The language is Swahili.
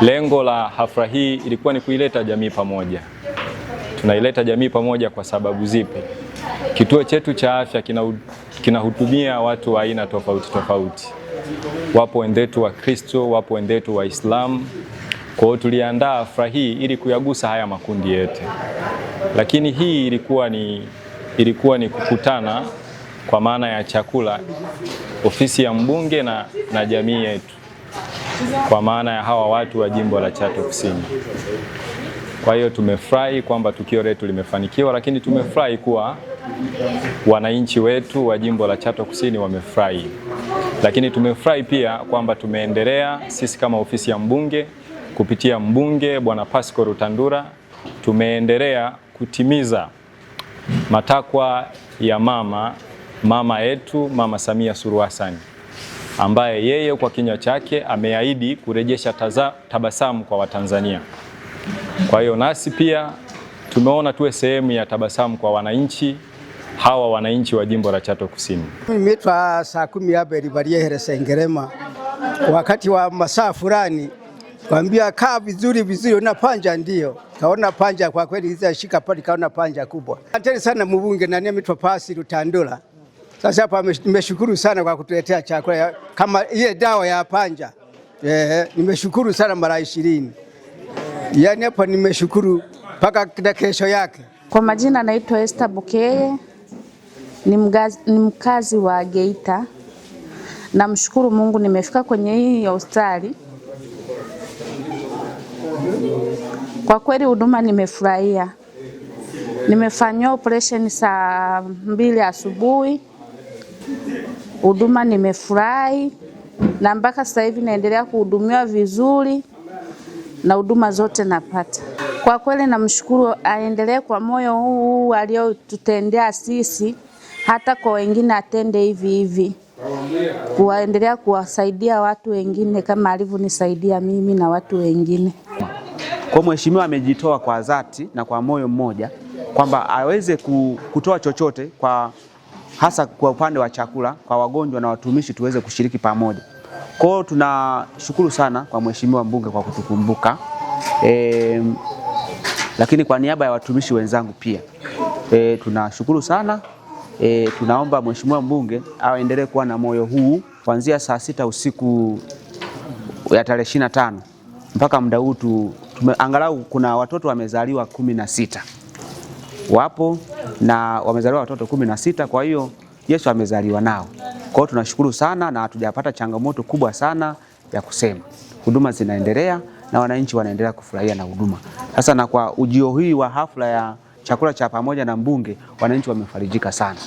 Lengo la hafla hii ilikuwa ni kuileta jamii pamoja. Tunaileta jamii pamoja kwa sababu zipi? Kituo chetu cha afya kinahudumia kina watu wa aina tofauti tofauti, wapo wenzetu wa Kristo, wapo wenzetu wa Islamu. Kwa hiyo tuliandaa hafla hii ili kuyagusa haya makundi yote, lakini hii ilikuwa ni, ilikuwa ni kukutana kwa maana ya chakula, ofisi ya mbunge na, na jamii yetu kwa maana ya hawa watu wa jimbo la Chato Kusini. Kwa hiyo tumefurahi kwamba tukio letu limefanikiwa, lakini tumefurahi kuwa wananchi wetu wa jimbo la Chato Kusini wamefurahi, lakini tumefurahi pia kwamba tumeendelea sisi kama ofisi ya mbunge kupitia mbunge Bwana Pascal Rutandura tumeendelea kutimiza matakwa ya mama mama yetu Mama Samia Suluhu Hassan ambaye yeye kwa kinywa chake ameahidi kurejesha taza, tabasamu kwa Watanzania. Kwa hiyo nasi pia tumeona tuwe sehemu ya tabasamu kwa wananchi hawa wananchi wa jimbo la Chato Kusini. Nimeitwa saa kumi hapa ilibariere Sengerema, wakati wa masaa fulani kwambia kaa vizuri vizuri, una panja ndio kaona panja kwa kweli, hizi shika pale kaona panja kubwa. Asante sana mbunge, nani amitwa pasi Rutandula. Sasa hapa nimeshukuru sana kwa kutuletea chakula kama ile dawa ya panja eh, nimeshukuru sana mara ishirini. Yaani hapa nimeshukuru mpaka na kesho yake. Kwa majina naitwa Esther Bukeye ni, ni mkazi wa Geita. Namshukuru Mungu nimefika kwenye hii hospitali. Kwa kweli huduma nimefurahia. Nimefanyiwa operation saa mbili asubuhi huduma nimefurahi, na mpaka sasa hivi naendelea kuhudumiwa vizuri na huduma zote napata. Kwa kweli namshukuru, aendelee kwa moyo huu aliotutendea sisi, hata kwa wengine atende hivi hivi, kuwaendelea kuwasaidia watu wengine kama alivyonisaidia mimi na watu wengine. Kwa mheshimiwa amejitoa kwa dhati na kwa moyo mmoja kwamba aweze kutoa chochote kwa hasa kwa upande wa chakula kwa wagonjwa na watumishi tuweze kushiriki pamoja. Kwa hiyo tunashukuru sana kwa mheshimiwa mbunge kwa kutukumbuka e, lakini kwa niaba ya watumishi wenzangu pia e, tunashukuru sana e, tunaomba mheshimiwa mbunge aendelee kuwa na moyo huu kuanzia saa sita usiku ya tarehe ishirini na tano mpaka muda huu angalau kuna watoto wamezaliwa kumi na sita wapo na wamezaliwa watoto kumi na sita. Kwa hiyo Yesu amezaliwa nao. Kwa hiyo tunashukuru sana na hatujapata changamoto kubwa sana ya kusema. Huduma zinaendelea na wananchi wanaendelea kufurahia na huduma. Sasa na kwa ujio hii wa hafla ya chakula cha pamoja na mbunge, wananchi wamefarijika sana.